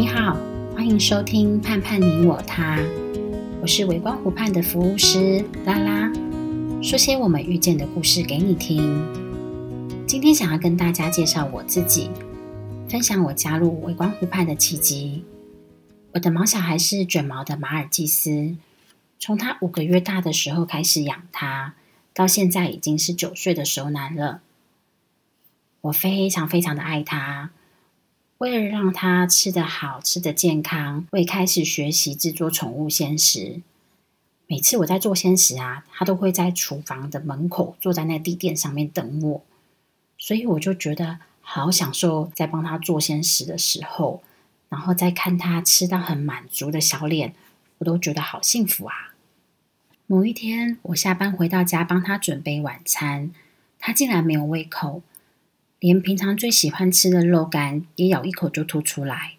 你好，歡迎收聽《盼盼你我他》，我是微光湖畔的服務師拉拉，Lala, 說些我們遇見的故事給你聽。今天想要跟大家介紹我自己，分享我加入微光湖畔的契機。我的毛小孩是捲毛的馬爾濟斯，從他五個月大的時候開始養他，到現在已經是九歲的熟男了。我非常非常的愛他。為了讓他吃得好、吃得健康，會開始學習製作寵物鮮食。每次我在做鮮食啊，他都會在廚房的門口坐在那地墊上面等我，所以我就覺得好享受在幫他做鮮食的時候，然後再看他吃到很滿足的小臉，我都覺得好幸福啊。某一天，我下班回到家幫他準備晚餐，他竟然沒有胃口。連平常最喜歡吃的肉乾也咬一口就吐出來，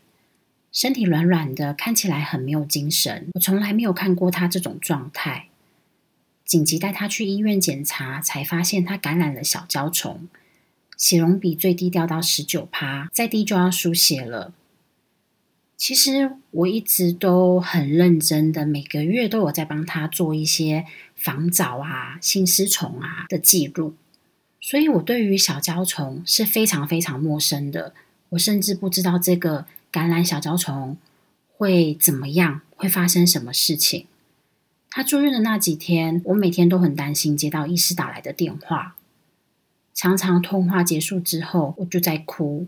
身體軟軟的，看起來很沒有精神。我從來沒有看過他這種狀態，緊急帶他去醫院檢查，才發現他感染了小焦蟲，血容比最低掉到十九趴，再低就要輸血了。其實我一直都很認真的，每個月都有在幫他做一些防蚤啊、心絲蟲啊的記錄。所以我對於小焦蟲是非常非常陌生的，我甚至不知道這個感染小焦蟲會怎麼樣，會發生什麼事情。他住院的那幾天，我每天都很擔心，接到醫師打來的電話，常常通話結束之後，我就在哭。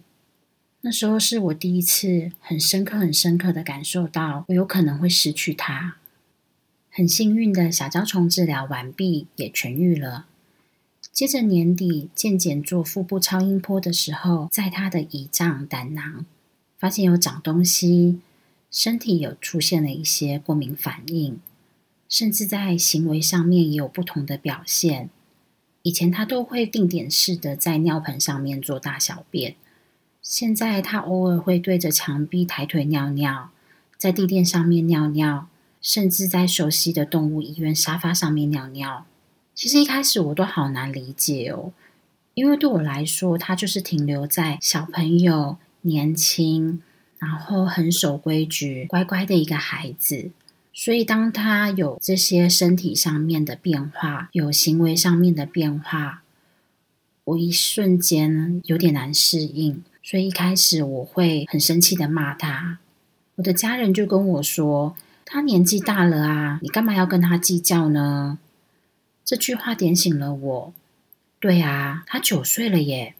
那時候是我第一次很深刻、很深刻的感受到，我有可能會失去他。很幸運的小焦蟲治療完畢，也痊癒了。接着年底，漸漸做腹部超音波的時候，在他的胰臟、膽囊發現有長東西，身體有出現了一些過敏反應，甚至在行為上面也有不同的表現。以前他都會定點式的在尿盆上面做大小便，現在他偶爾會對着牆壁抬腿尿尿，在地墊上面尿尿，甚至在熟悉的動物醫院沙發上面尿尿。其實一開始我都好難理解哦，因為對我來說，他就是停留在小朋友、年輕，然後很守規矩、乖乖的一個孩子。所以當他有這些身體上面的變化，有行為上面的變化，我一瞬間有點難適應。所以一開始我會很生氣的罵他。我的家人就跟我說：“他年紀大了啊，你幹嘛要跟他計較呢？”這句話點醒了我。對啊，他九歲了耶，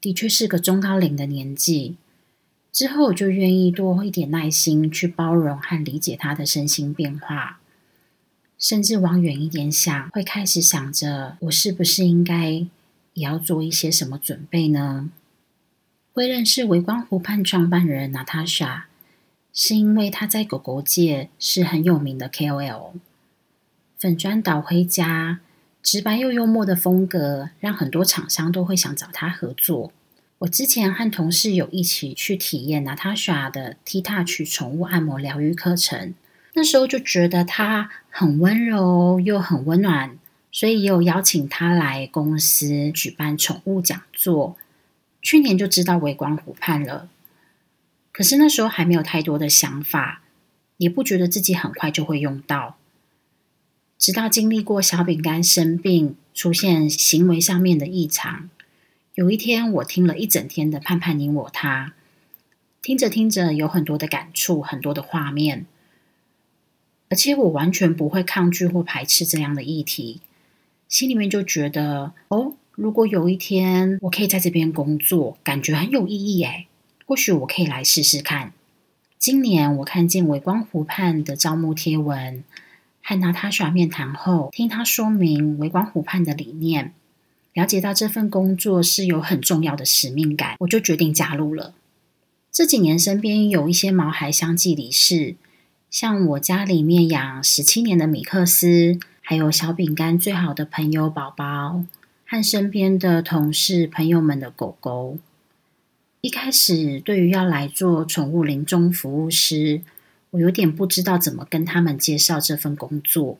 的確是個中高齡的年紀。之後我就願意多一點耐心去包容和理解他的身心變化，甚至往遠一點想，會開始想着我是不是應該也要做一些什麼準備呢？會認識微光湖盼創辦人 Natasha，是因為他在狗狗界是很有名的 KOL。粉專倒回家，直白又幽默的風格，讓很多廠商都會想找他合作。我之前和同事有一起去體驗 Natasha 的 T Touch 寵物按摩療愈課程，那時候就覺得他很溫柔又很溫暖，所以也有邀請他來公司舉辦寵物講座。去年就知道微光湖盼了，可是那時候還沒有太多的想法，也不覺得自己很快就會用到。直到經歷過小餅乾生病，出現行為上面的異常，有一天我聽了一整天的“盼盼你我他”，聽着聽着有很多的感觸，很多的畫面，而且我完全不會抗拒或排斥這樣的議題，心裡面就覺得哦，如果有一天我可以在這邊工作，感覺很有意義哎，或許我可以來試試看。今年我看見微光湖盼的招募貼文。和娜塔莎面談後，聽她說明微光湖盼的理念，了解到這份工作是有很重要的使命感，我就決定加入了。這幾年身邊有一些毛孩相繼離世，像我家裡面養十七年的米克斯，還有小餅乾最好的朋友寶寶，和身邊的同事朋友們的狗狗。一開始對於要來做寵物臨終服務師，我有點不知道怎麼跟他們介紹這份工作，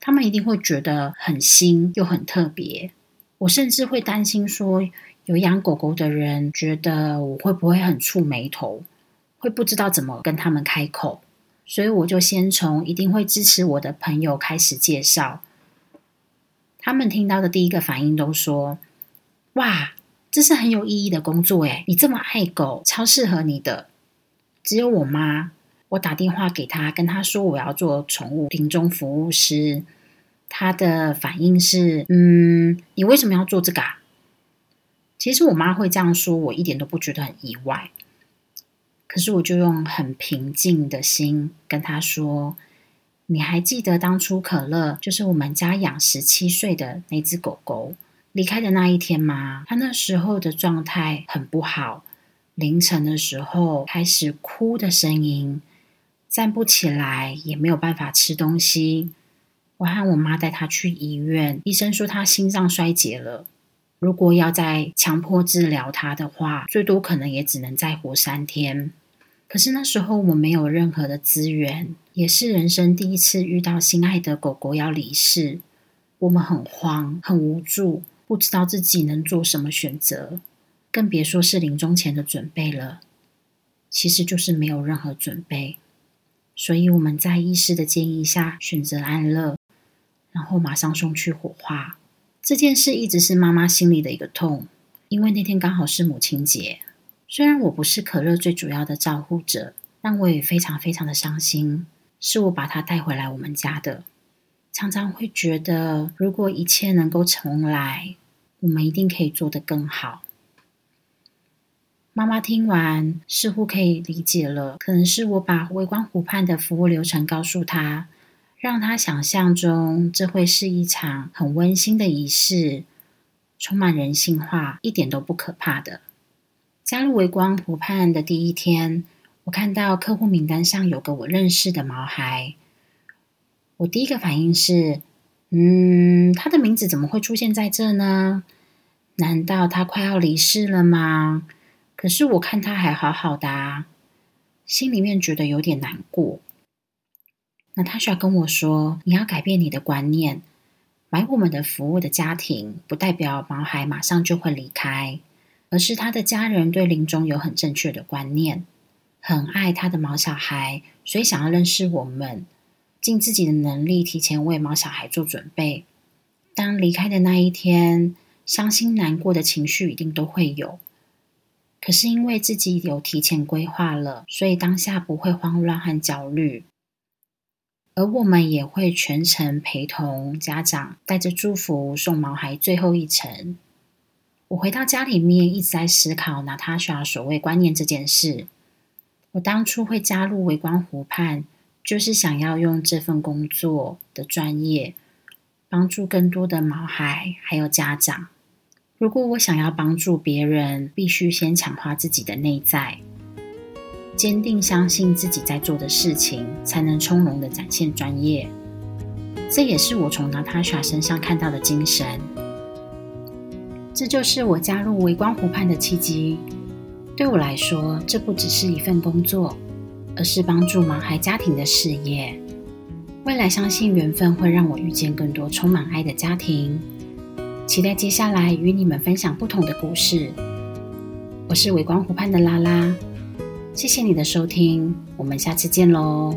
他們一定會覺得很新又很特別。我甚至會擔心說，有養狗狗的人覺得我會不會很觸霉頭，會不知道怎麼跟他們開口。所以我就先從一定會支持我的朋友開始介紹，他們聽到的第一個反應都說：“哇，這是很有意義的工作哎、欸，你這麼愛狗，超適合你的。”只有我媽。我打電話給他，跟他說我要做寵物臨終服務師。他的反應是：“嗯，你為什麼要做這個啊？”其實我媽會這樣說，我一點都不覺得很意外。可是我就用很平靜的心跟他說：“你還記得當初可樂，就是我們家養十七歲的那只狗狗，離開的那一天嗎？他那時候的狀態很不好，凌晨的時候開始哭的聲音。”站不起來，也沒有辦法吃東西。我和我媽帶她去醫院，醫生說她心臟衰竭了。如果要再強迫治療她的話，最多可能也只能再活三天。可是那時候我們沒有任何的資源，也是人生第一次遇到心愛的狗狗要離世，我們很慌、很無助，不知道自己能做什麼選擇，更別說是臨終前的準備了。其實就是沒有任何準備。所以我們在醫師的建議下選擇安樂，然後馬上送去火化。這件事一直是媽媽心裡的一個痛，因為那天剛好是母親節。雖然我不是可樂最主要的照顧者，但我也非常非常的傷心。是我把他帶回來我們家的，常常會覺得，如果一切能夠重來，我們一定可以做得更好。媽媽聽完，似乎可以理解了。可能是我把微光湖畔的服務流程告訴她，讓她想象中這會是一場很溫馨的儀式，充滿人性化，一點都不可怕的。加入微光湖畔的第一天，我看到客戶名單上有個我認識的毛孩，我第一個反應是：嗯，他的名字怎麼會出現在這呢？難道他快要離世了嗎？可是我看他還好好的啊，心裡面覺得有點難過。那他需要跟我說：“你要改變你的觀念，買我們的服務的家庭，不代表毛孩馬上就會離開，而是他的家人對臨終有很正確的觀念，很愛他的毛小孩，所以想要認識我們，盡自己的能力，提前為毛小孩做準備。當離開的那一天，傷心難過的情緒一定都會有。”可是因為自己有提前規劃了，所以當下不會慌亂和焦慮，而我們也會全程陪同家長，帶着祝福送毛孩最後一程。我回到家裡面一直在思考納塔莎所謂觀念這件事。我當初會加入微光湖盼，就是想要用這份工作的專業，幫助更多的毛孩還有家長。如果我想要幫助別人，必須先強化自己的內在，堅定相信自己在做的事情，才能從容的展現專業。這也是我從 Natasha 身上看到的精神。這就是我加入微光湖盼的契機。對我來說，這不只是一份工作，而是幫助毛孩家庭的事業。未來，相信緣分會讓我遇見更多充滿愛的家庭。期待接下來與你們分享不同的故事。我是微光湖畔的拉拉，謝謝你的收聽，我們下次見嘍。